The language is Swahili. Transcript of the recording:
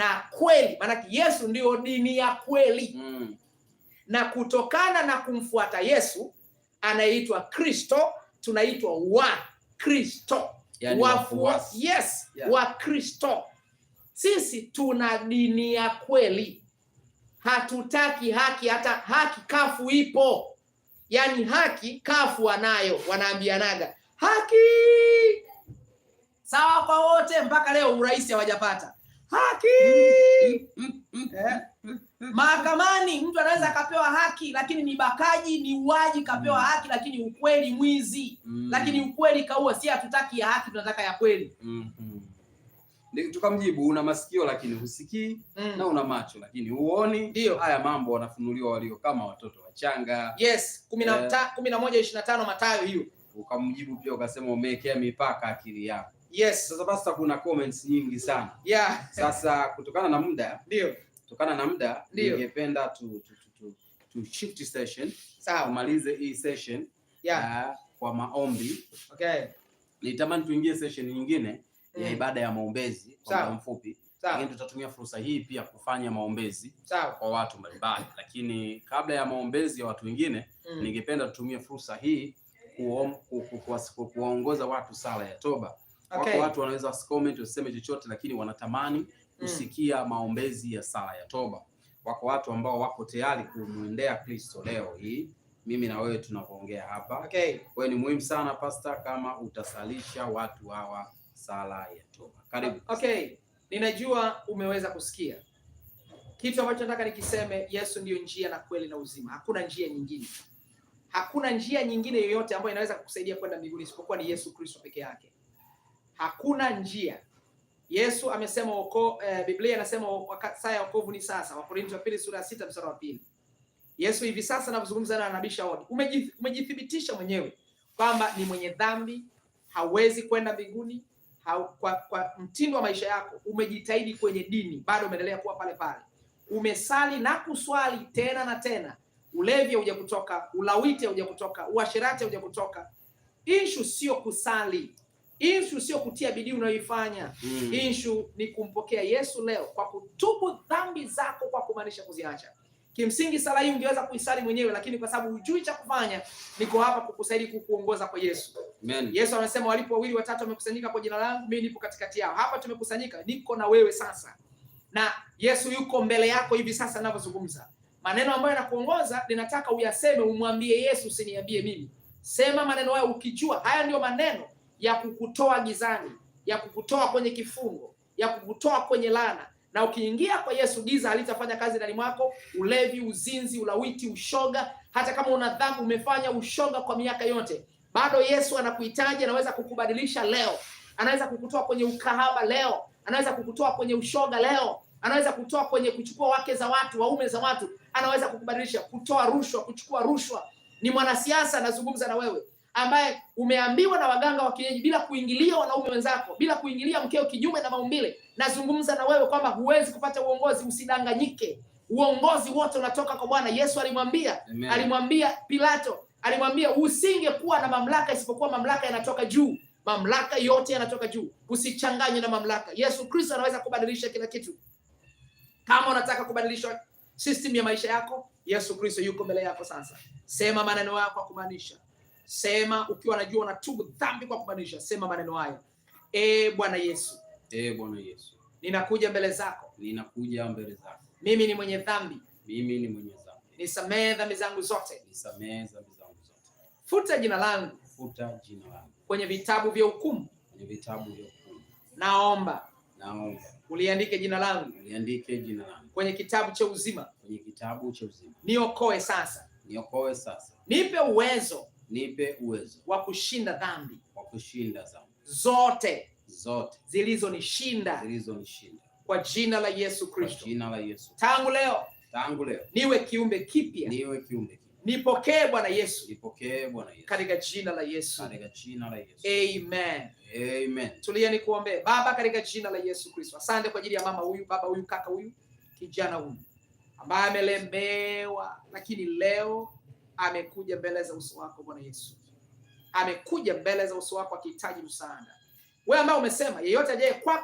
na kweli, maanake Yesu ndiyo dini ya kweli mm. na kutokana na kumfuata Yesu anaitwa Kristo, tunaitwa wa Kristo yani wafuasi yes, yeah. wa Kristo. Sisi tuna dini ya kweli, hatutaki haki. Hata haki kafu ipo, yaani haki kafu anayo wanaambianaga haki sawa kwa wote, mpaka leo urais hawajapata haki eh? Mahakamani mtu anaweza akapewa haki, lakini ni bakaji, ni uaji. Kapewa mm. haki, lakini ukweli mwizi, mm. lakini ukweli kaua. Si hatutaki ya haki, tunataka ya kweli. Mm-hmm. Tukamjibu, una masikio lakini husikii mm. na una macho lakini huoni. Ndio haya mambo wanafunuliwa walio kama watoto wachanga. Yes, kumi na eh. moja ishirini na tano Mathayo hiyo. Ukamjibu pia ukasema, umeekea mipaka akili yako Yes, sasa basi kuna comments nyingi sana. Yeah. Sasa kutokana na muda, ndio. Kutokana na muda, ningependa tu, tu, tu, tu, tu shift session. Sawa, tumalize hii session. Yeah. Uh, kwa maombi. Okay. Nitamani tuingie session nyingine mm. ya ibada ya maombezi kwa muda mfupi. Lakini tutatumia fursa hii pia kufanya maombezi Sawa. kwa watu mbalimbali, lakini kabla ya maombezi ya watu wengine mm. ningependa tutumie fursa hii kuwaongoza watu sala ya toba. Okay. Wako watu wanaweza comment wasiseme chochote, lakini wanatamani mm. kusikia mm. maombezi ya sala ya toba. Wako watu ambao wako tayari kumwendea Kristo leo hii, mimi na wewe tunapoongea hapa okay. Wewe ni muhimu sana pastor, kama utasalisha watu hawa sala ya toba. Karibu. Okay, ninajua umeweza kusikia kitu ambacho nataka nikiseme. Yesu ndiyo njia na kweli na uzima, hakuna njia nyingine hakuna njia nyingine yoyote ambayo inaweza kukusaidia kwenda mbinguni isipokuwa ni Yesu Kristo peke yake. Hakuna njia. Yesu amesema oko, eh, Biblia inasema saa ya wokovu ni sasa. Wakorintho wa pili sura ya sita mstari wa pili. Yesu hivi sasa anavyozungumza na Nabii Shaoni, umejithibitisha mwenyewe kwamba ni mwenye dhambi, hauwezi kwenda mbinguni ha, kwa, kwa mtindo wa maisha yako umejitahidi kwenye dini, bado umeendelea kuwa pale pale, umesali na kuswali tena na tena, ulevi hauja kutoka, ulawiti hauja kutoka, uasherati hauja kutoka. Ishu sio kusali Inshu sio kutia bidii unayoifanya mm. Inshu ni kumpokea Yesu leo kwa kutubu dhambi zako kwa kumaanisha kuziacha. Kimsingi sala hii ungeweza kuisali mwenyewe, lakini kwa sababu hujui cha kufanya, niko hapa kukusaidia, kukuongoza kwa Yesu. Amen. Yesu anasema walipo wawili watatu wamekusanyika kwa jina langu, mimi nipo katikati yao. Hapa tumekusanyika, niko na wewe sasa, na Yesu yuko mbele yako hivi sasa ninavyozungumza. Maneno ambayo yanakuongoza ninataka uyaseme, umwambie Yesu, usiniambie mimi. Sema maneno hayo ukijua haya ndio maneno ya kukutoa gizani, ya kukutoa kwenye kifungo, ya kukutoa kwenye lana Na ukiingia kwa Yesu, giza halitafanya kazi ndani mwako. Ulevi, uzinzi, ulawiti, ushoga, hata kama una dhambi, umefanya ushoga kwa miaka yote, bado Yesu anakuhitaji. Anaweza kukubadilisha leo, anaweza kukutoa kwenye ukahaba leo, anaweza kukutoa kwenye ushoga leo, anaweza kutoa kwenye kuchukua wake za watu, waume za watu, anaweza kukubadilisha, kutoa rushwa, kuchukua rushwa. Ni mwanasiasa, anazungumza na wewe ambaye umeambiwa na waganga wa kienyeji bila kuingilia wanaume wenzako, bila kuingilia mkeo, kinyume na maumbile, nazungumza na wewe kwamba huwezi kupata uongozi. Usidanganyike, uongozi wote unatoka kwa Bwana. Yesu alimwambia, alimwambia Pilato, alimwambia usingekuwa na mamlaka isipokuwa mamlaka yanatoka juu. Mamlaka yote yanatoka juu, usichanganye na mamlaka. Yesu Kristo anaweza kubadilisha kila kitu. Kama unataka kubadilisha system ya maisha yako, Yesu Kristo yuko mbele yako sasa. Sema maneno yako kumaanisha Sema ukiwa najua unatubu dhambi kwa kubadilisha, sema maneno hayo. E Bwana Yesu, e Bwana Yesu, ninakuja mbele zako, ninakuja mbele zako. Mimi ni mwenye dhambi, mimi ni mwenye dhambi. Nisamehe dhambi zangu zote, nisamehe dhambi zangu zote. Futa jina langu, futa jina langu kwenye vitabu vya hukumu, kwenye vitabu vya hukumu. Naomba, naomba uliandike jina langu, uliandike jina langu kwenye kitabu cha uzima, kwenye kitabu cha uzima. Niokoe sasa, niokoe sasa. Nipe uwezo nipe uwezo wa kushinda dhambi, wa kushinda dhambi zote zote zilizonishinda zilizonishinda, kwa jina la Yesu Kristo, jina la Yesu. Tangu leo tangu leo niwe kiumbe kipya, niwe kiumbe kipya. Nipokee Bwana Yesu, nipokee Bwana Yesu katika jina la Yesu, katika jina la Yesu. Amen. Amen. Tulia ni kuombe Baba, katika jina la Yesu Kristo, asante kwa ajili ya mama huyu, baba huyu, kaka huyu, kijana huyu ambaye amelemewa, lakini leo amekuja mbele za uso wako Bwana Yesu, amekuja mbele za uso wako akihitaji msaada. Wewe ambaye umesema yeyote ajaye kwako